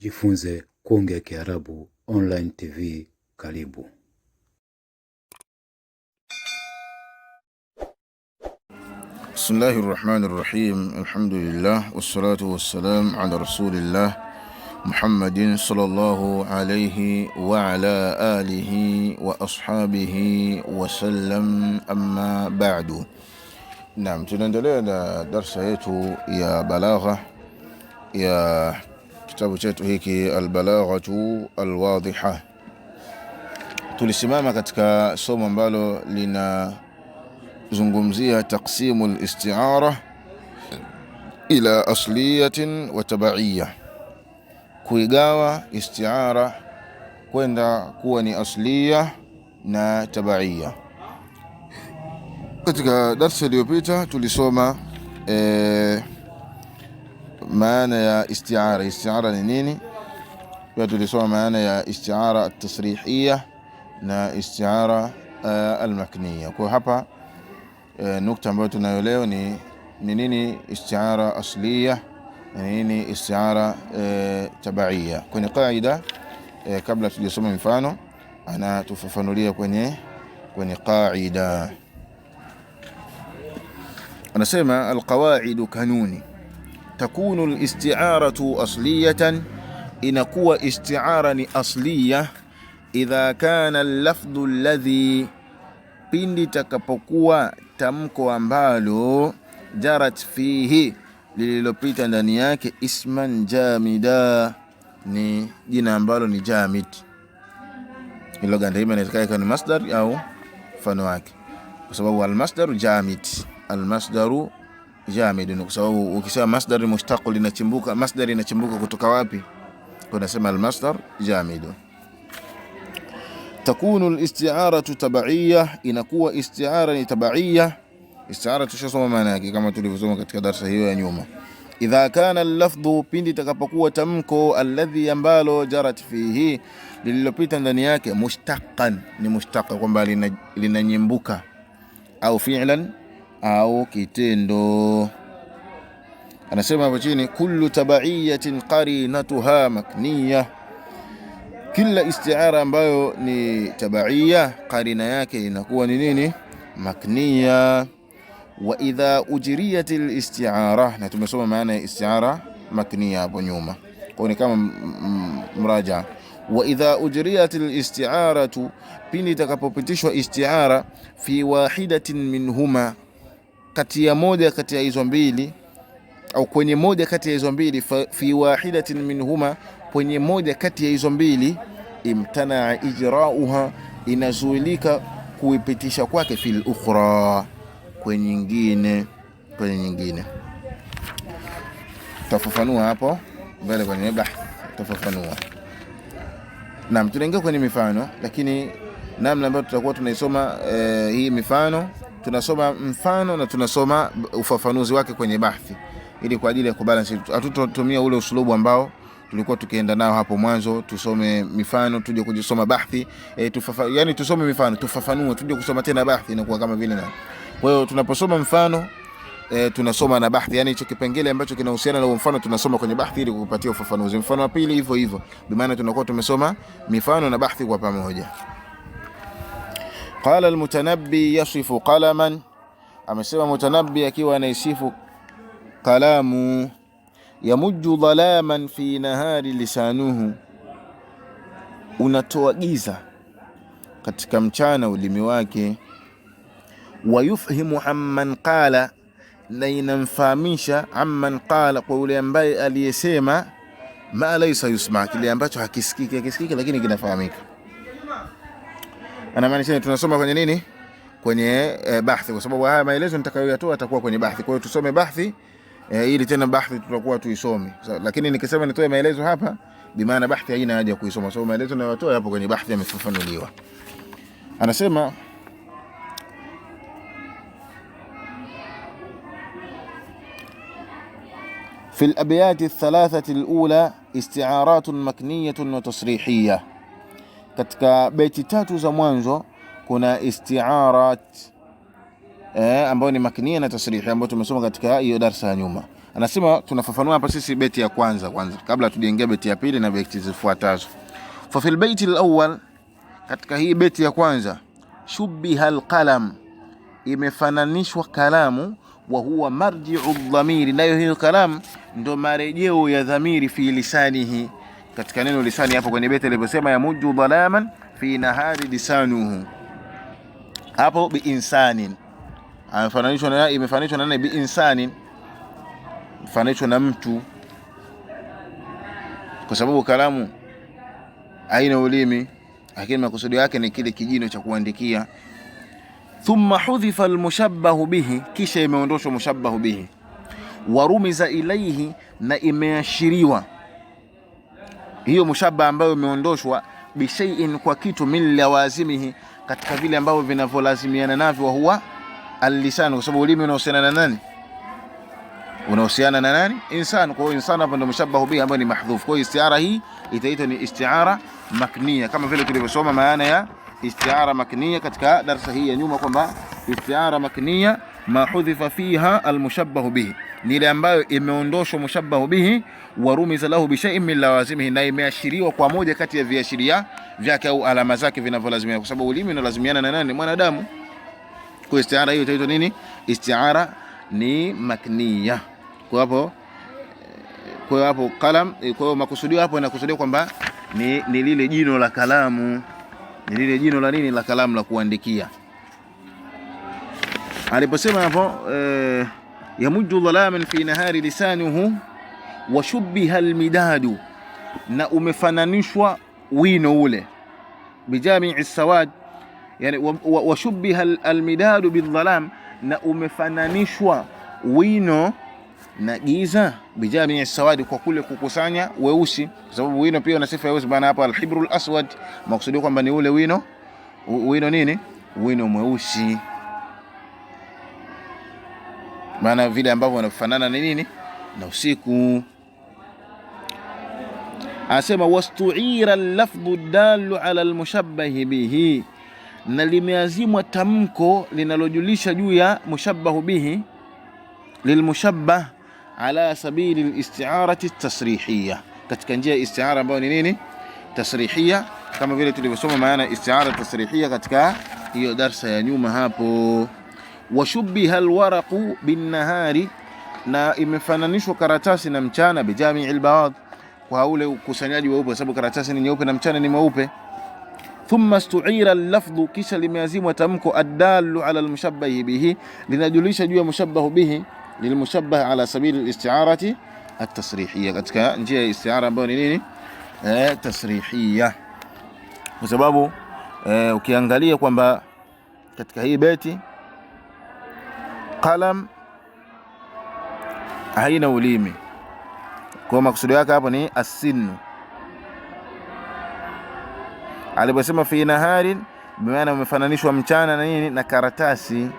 Jifunze kuongea Kiarabu online TV karibu. Bismillahi rahmani rahim, alhamdulillah wassalatu wassalam ala rasulillah Muhammadin sallallahu alayhi wa ala alihi wa ashabihi wasallam, amma ba'du. Naam, tunaendelea na darsa yetu ya balagha ya kitabu chetu hiki Albalaghatu Alwadhiha. Tulisimama katika somo ambalo linazungumzia taqsimu listiara ila asliyatin wa tabaiya, kuigawa istiara kwenda kuwa ni asliya na tabaiya. Katika darsa iliyopita tulisoma eh, maana ya istiara. Istiara ni nini? Pia tulisoma maana ya istiara at-tasrihia na istiara uh, almakniya. Kwa hapa uh, nukta ambayo tunayo leo ni ni nini istiara asliya na nini istiara uh, tabaiya. Kwenye qaida uh, kabla tujasoma mifano, anatufafanulia kwenye kwenye qaida, anasema alqawaidu kanuni takunu listiaratu asliyatan, inakuwa istiara ni asliya idha kana lafdhu alladhi, pindi takapokuwa tamko ambalo jarat fihi, lililopita ndani yake isman jamida, ni jina ambalo ni jamid. Ilo gandaima inataka ikawa ni masdar au mfano wake, kwa sababu almasdaru jamid, almasdaru jamidun, kwa sababu ukisema masdar mushtaq linachimbuka, masdar inachimbuka kutoka wapi? Kunasema almasdar jamidun. Takunu listiaratu tabaiya, inakuwa istiara ni tabaiya. Istiara tushasoma maana yake kama tulivyosoma katika darsa hiyo ya nyuma. Idha kana allafdhu, pindi takapokuwa tamko alladhi, ambalo jarat fihi, lililopita ndani yake, mushtaqan, ni mushtaq, kwamba linanyimbuka, au fi'lan au kitendo. Anasema hapo chini, kullu tabaiyatin qarinatuha makniya, kila istiara ambayo ni tabaiya qarina yake inakuwa ni nini? Makniya. Wa idha ujriyat al-isti'ara, na tumesoma maana ya istiara makniya hapo nyuma, kwa ni kama mraja. Wa idha ujriyat al pindi itakapopitishwa istiara fi wahidatin minhuma kati ya moja kati ya hizo mbili au kwenye moja kati ya hizo mbili, fi wahidatin minhuma, kwenye moja kati ya hizo mbili, imtana ijrauha, inazuilika kuipitisha kwake, fil ukhra, kwenye nyingine, kwenye nyingine. Tafafanua hapo mbele kwenye bah, tafafanua. nam tunaingia kwenye mifano, lakini namna ambayo tutakuwa tunaisoma e, hii mifano tunasoma mfano na tunasoma ufafanuzi wake kwenye bahthi, ili kwa ajili ya kubalance. Hatutotumia ule usulubu ambao tulikuwa tukienda nao hapo mwanzo, tusome mifano tuje kujisoma bahthi e, tufafa, yani tusome mifano tufafanue, tuje kusoma tena bahthi, na inakuwa kama vile na. Kwa hiyo tunaposoma mfano E, tunasoma na bahthi yani hicho kipengele ambacho kinahusiana na mfano tunasoma kwenye bahthi ili kukupatia ufafanuzi. Mfano wa pili hivyo hivyo, bimaana tunakuwa tumesoma mifano na bahthi kwa pamoja. Qala al yasifu qalaman, amesema Mutanabbi akiwa anaisifu kalamu. Yamujju dhalaman fi nahari lisanuhu, unatoa giza katika mchana ulimi wake. Wayufhimu amman qala, na inamfahamisha amman qala, kwa yule ambaye aliyesema ma laisa yusma, kile ambacho hakisikiki, hakisikiki lakini kinafahamika anamaanisha ni tunasoma kwenye nini? Kwenye e, bahthi, kwa sababu haya maelezo nitakayoyatoa atakuwa kwenye bahthi. Kwa hiyo tusome bahthi e, ili tena bahthi tutakuwa tuisome, lakini nikisema nitoe maelezo hapa, bi maana bahthi haina haja kuisoma, kwa sababu maelezo ninayotoa yapo kwenye bahthi, yamefafanuliwa. Anasema fi al-abyat ath thalathati al-ula isti'arat makniyah wa tasrihiyah katika beti tatu za mwanzo kuna istiarat eh, ambayo ni makinia na tasrihi ambayo tumesoma katika hiyo darsa ya nyuma. Anasema tunafafanua hapa sisi beti ya kwanza kwanza kabla tujaingia beti ya pili na beti zifuatazo. Fa fil baiti alawwal, katika hii beti ya kwanza shubiha alqalam, imefananishwa kalamu wa huwa marjiu dhamiri, nayo hiyo kalamu ndo marejeo ya dhamiri fi lisanihi katika neno lisani hapo kwenye beti alivyosema yamuju dhalaman fi nahari lisanuhu hapo biinsanin amefananishwa na imefananishwa na nani? Biinsanin, mfananishwa na mtu, kwa sababu kalamu haina ulimi, lakini makusudi yake ni kile kijino cha kuandikia. Thumma hudhifa almushabbahu bihi, kisha imeondoshwa mushabbahu bihi. Warumiza ilaihi, na imeashiriwa hiyo mushabaha ambayo imeondoshwa bishaiin, kwa kitu min lawazimihi, katika vile ambavyo vinavyolazimiana navyo, wa huwa allisanu, kwa sababu ulimi unahusiana na nani? Unahusiana na nani? Insani. Kwa hiyo insani hapo ndio mushabahu bihi ambayo ni mahdhuf. Kwa hiyo istiara hii itaitwa ni istiara makniya, kama vile tulivyosoma maana ya istiara makniya katika darsa hii ya nyuma, kwamba istiara makniya ma hudhifa fiha almushabahu bihi ni ile ambayo imeondoshwa mushabahu bihi warumiza lahu shay'in min lawazimihi, na imeashiriwa kwa moja kati ya viashiria vyake au alama zake vinavyolazimiana, kwa sababu ulimi unalazimiana na nani? Mwanadamu. Kwa istiara hiyo itaitwa nini? Istiara ni makniya. Kwa hapo kwa hapo kalam, kwa hiyo makusudio hapo inakusudia kwamba ni, ni lile jino la kalamu, ni lile jino la nini la kalamu la kuandikia aliposema hapo eh, yamuddu dhalaman fi nahari lisanuhu wa shubbiha almidadu, na umefananishwa wino ule bijamii sawad yani, wa, wa, shubbiha almidadu bidhalam, na umefananishwa wino na giza bijamii sawadi, kwa kule kukusanya weusi, kwa sababu wino pia una sifa ya weusi bana. Hapa alhibrul aswad maksudi kwamba ni ule wino wino nini, wino mweusi maana vile ambavyo wanafanana ni nini na usiku. Asema wastuira lafdhu dalu ala almushabbahi bihi, na limeazimwa tamko linalojulisha juu ya mushabbahu bihi lilmushabbah ala sabili listiarati tasrihiya katika njia ya istiara ambayo ni nini tasrihia, kama vile tulivyosoma maana istiara tasrihia katika hiyo darsa ya nyuma hapo wa shubbiha alwaraqu binnahari, na imefananishwa karatasi na mchana, bijamii albaad, kwa ule ukusanyaji weupe, sababu karatasi ni nyeupe na mchana ni mweupe. Thumma stuira allafdhu, kisha limeazimwa tamko addalu ala almushabbahi bihi, linajulisha juu ya mushabbahu bihi, lilmushabbah ala sabili alistiarati atasrihia, katika njia ya istiara ambayo ni nini? Eh, tasrihia kwa sababu e, ukiangalia kwamba katika hii beti qalam haina ulimi, kwa maksudi yake hapo ni asinnu aliposema fi naharin, bimaana umefananishwa mchana na nini na karatasi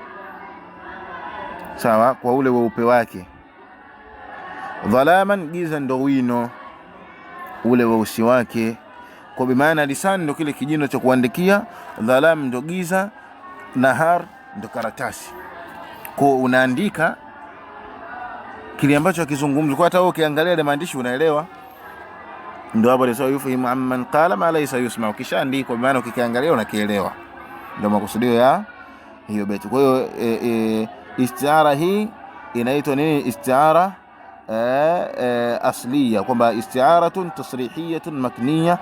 sawa, kwa ule weupe wake. Dhalaman, giza ndo wino ule weusi wake, kwa bimaana lisan ndo kile kijino cha kuandikia, dhalam ndo giza, nahar ndo karatasi kwa unaandika kile ambacho akizungumza, kwa hata wewe ukiangalia ile maandishi unaelewa. Ndio hapo ndio leo yufahimu amman qala ma laysa yusma, ukishaandikwa maana ukikiangalia unakielewa. Ndio makusudio ya hiyo beti. Kwa hiyo e, e, istiara hii inaitwa nini? Istiara e, e, asliya, kwamba istiaratun tasrihiyatun makniya,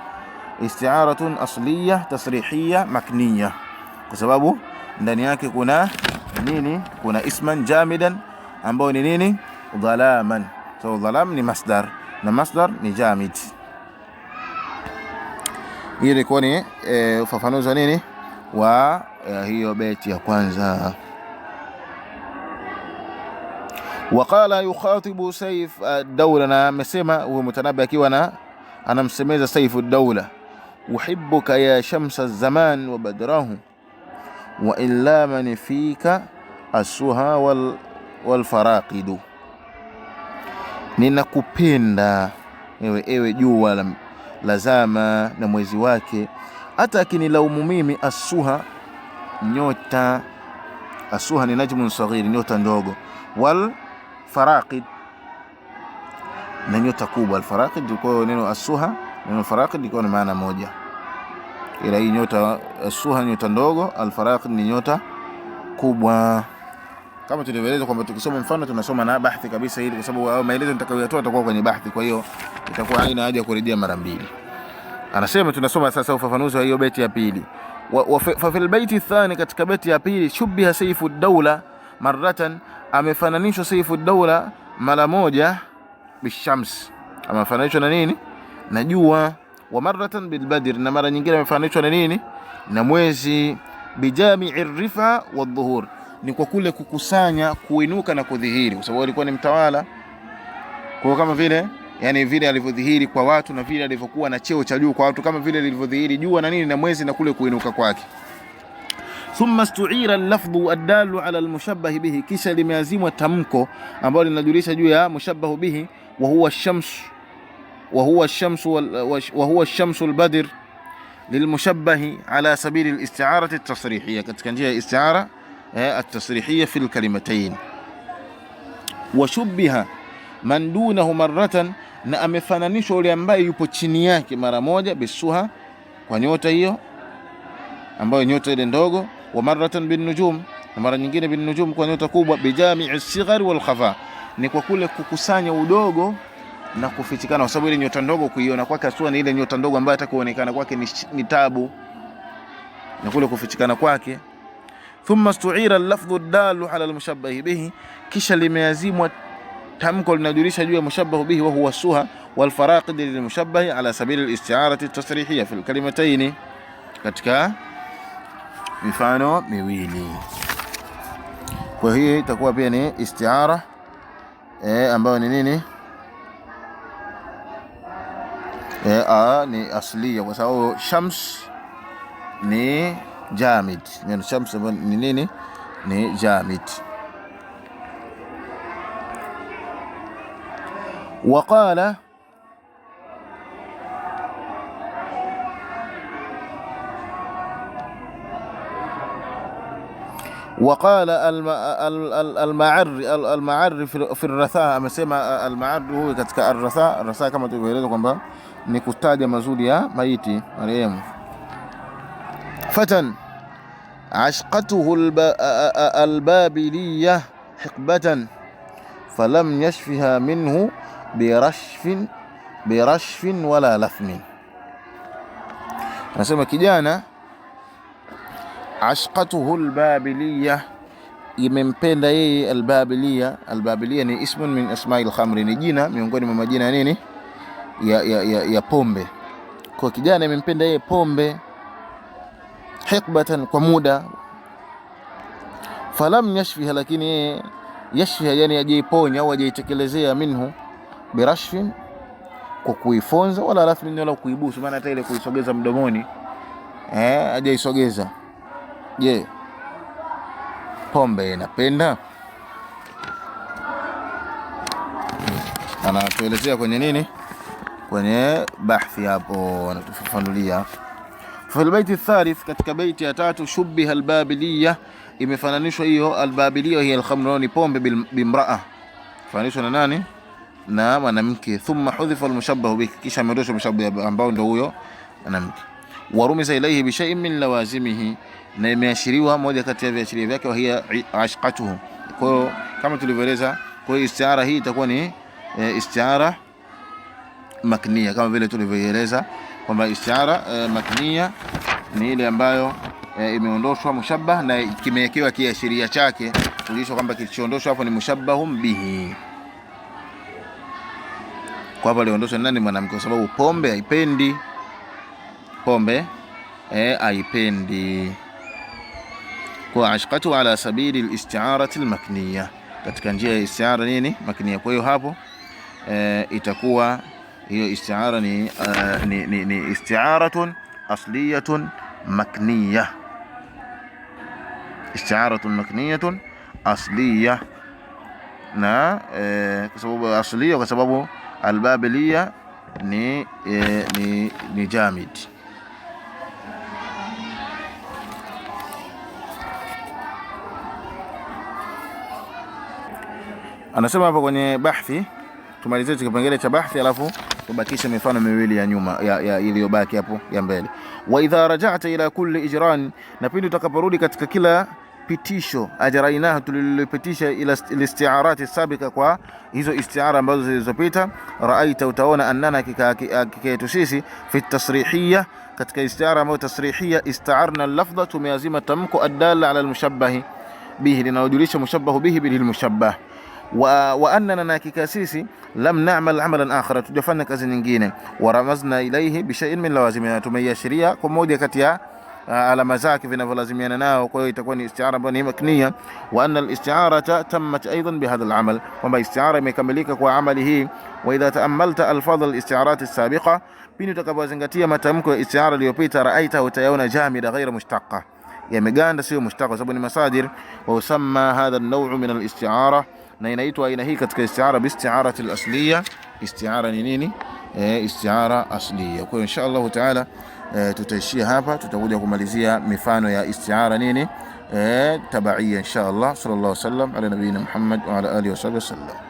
istiaratun asliya tasrihiya makniya, kwa sababu ndani yake kuna nini, kuna isman jamidan ambao ni nini, dhalaman. So dhalam ni masdar na masdar ni jamid. Hiyo ilikuwa ni e, ufafanuzi wa nini wa e, hiyo beti ya kwanza. Waqala yukhatibu Saif ad-Dawla, na amesema huyo Mutanabi akiwa na anamsemeza Saif ad-Dawla, uhibbuka ya shamsa zaman wa badrahu wa illa man fika asuha wal, wal ninakupenda ewe ewe jua la, la zama na mwezi wake, hata akinilaumu mimi. Asuha nyota, asuha ni najmu saghiri, nyota ndogo, wal faraqid na nyota kubwa. Al faraqid neno asuha, neno faraqid iko na maana moja ila hii nyota eh, suha nyota ndogo, alfaraq ni nyota kubwa. Kama tulivyoeleza kwamba tukisoma mfano tunasoma na bahthi kabisa, ili kwa sababu hayo maelezo nitakayoyatoa yatakuwa kwenye bahthi, kwa hiyo itakuwa haina haja kurejea mara mbili. Anasema tunasoma sasa ufafanuzi wa hiyo beti ya pili, fa fil baiti thani, katika beti ya pili, shubbiha saifu daula maratan, amefananishwa saifu daula mara moja, bishams, amefananishwa na nini? Na jua wa maratan bilbadri, na mara nyingine amefananishwa na nini? Na mwezi. Bijamii rifa wa dhuhur, ni kwa kule kukusanya, kuinuka na kudhihiri, kwa sababu alikuwa ni mtawala, kwa kama vile yani vile alivyodhihiri kwa watu na vile alivyokuwa na cheo cha juu kwa watu, kama vile lilivyodhihiri jua na nini na mwezi na kule kuinuka kwake. Thumma stuira lafdhu addalu ala almushabbah bihi, kisha limeazimwa tamko ambalo linajulisha juu ya mushabbahu bihi, wa huwa shams wahuwa shamsu lbadir lilmushabahi ala sabili listiarati tasrihia, katika njia ya istiara eh, atasrihia fi lkalimatayn. Washubiha man dunahu maratan, na amefananishwa yule ambaye yupo chini yake mara moja, bisuha, kwa nyota hiyo ambayo nyota ile ndogo, wa maratan binnujum, na mara nyingine binnujum, kwa nyota kubwa, bijamii sighari wal khafa, ni kwa kule kukusanya udogo na kufichikana, kwa sababu ile nyota ndogo kuiona kwake Asua ni ile nyota ndogo ambayo hata kuonekana kwake ni ni tabu na kule kufichikana kwake. Thumma stuira al-lafdhu dalu ala al-mushabbah bihi, kisha limeazimwa tamko linajulisha juu ya mushabbah bihi, wa huwa suha wal faraqid lil mushabbah ala sabil al-isti'ara at-tasrihiyya fi al-kalimatayn, katika mifano miwili. Kwa hiyo itakuwa pia ni istiara eh, ambayo ni nini Eh, a ni asli kwa sababu shams ni jamid. Neno shams ni nini? Ni jamid. Waqala وقال المعري المعري في الرثاء مسمى المعري هو كتك الرثاء الرثاء كما تقول لكم بقى ni kutaja mazuri ya maiti marehemu. Fatan ashqatuhu albabiliya hikbatan falam yashfiha minhu birashfin, birashfin wala lathmin. Anasema kijana ashqatuhu albabiliya imempenda yeye albabiliya. Albabiliya ni ismun min asma'il khamri, ni jina miongoni mwa majina ya nini ya, ya, ya, ya pombe. Kwa kijana imempenda yeye pombe hikbatan, kwa muda falam yashfiha, lakini yeye yashfiha, yani ajeiponya au ajeitekelezea minhu birashfin, kwa kuifonza wala rafin, wala kuibusu, maana hata ile kuisogeza mdomoni eh, ajaisogeza. Je, pombe inapenda? Anatuelezea kwenye nini? kwenye bahthi hapo wanatufafanulia anatufafanulia. Filbaiti thalith, katika beiti ya tatu. Shubbiha albabiliya, imefananishwa hiyo albabiliya, hiya alkhamru, ni pombe, bimraa, fananishwa na nani? Na mwanamke. Thumma hudhifa almushabbahu bihi, kisha ameondoshwa mshabbahu ambao ndio huyo mwanamke. Warumisa ilaihi bishaiin min lawazimihi, na imeashiriwa moja kati ya viashiria vyake, wa hiya ashqatuhu. Kwa hiyo kama tulivyoeleza, kwa hiyo istiara hii itakuwa ni eh, istiara maknia, kama vile tulivyoeleza kwamba istiara e, eh, maknia ni ile ambayo e, imeondoshwa mushabbah na kimewekewa kiashiria chake, kulisha kwamba kilichoondoshwa hapo ni mushabbahum bihi. Kwa hapo aliondoshwa nani? Mwanamke, kwa sababu pombe haipendi pombe eh, haipendi kwa ashqatu ala sabili listiarati lmakniya, katika njia ya istiara nini makniya. Kwa hiyo hapo e, itakuwa hiyo istiara ni, uh, ni, ni, ni istiaratun asliyatun makniya, istiaratun makniyatun asliya na eh, kwa sababu asliya, kwa sababu albabiliya ni, eh, ni, ni jamid anasema hapa kwenye bahthi. Tumalizie kipengele cha bahthi alafu tubakishe mifano miwili ya nyuma ya, ya iliyobaki hapo ya mbele. Wa idha raja'ta ila kulli ijran, na pindi utakaporudi katika kila pitisho ajrainah, tulilopitisha ila istiarati sabika, kwa hizo istiara ambazo zilizopita. Raaita, utaona annana, hakika yetu sisi fi tasrihia, katika istiara ambayo tasrihia, istaarna lafdha, tumeazima tamko adalla ala almushabbahi bihi, linalojulisha mushabbahu bihi bil mushabbah واننا ناكي كاسيسي لم نعمل عملا اخر تجفنا كازي نينجيني ورمزنا اليه بشيء من لوازمنا تميشريا كمودي كتيا آه، على مزاك في نفل ناو كوي تكون استعارة بني مكنية وأن الاستعارة تمت أيضا بهذا العمل وما استعارة مكمليك كو عمله وإذا تأملت ألفاظ الاستعارات السابقة بني تكبو زنغتية ما تمكو استعارة ليوبيتا رأيته تيون جامدة غير مشتقة يا يعني مجان سيو مشتقة سبني مصادر ويسمى هذا النوع من الاستعاره na inaitwa aina hii katika istiara bistiarati al-asliya. Istiara ni nini? E, istiara asliya. Kwa hiyo insha Allah taala e, tutaishia hapa, tutakuja kumalizia mifano ya istiara nini e, tabaiya insha Allah. Sallallahu alaihi wasallam ala nabiyina Muhammad wa ala alihi wasallam.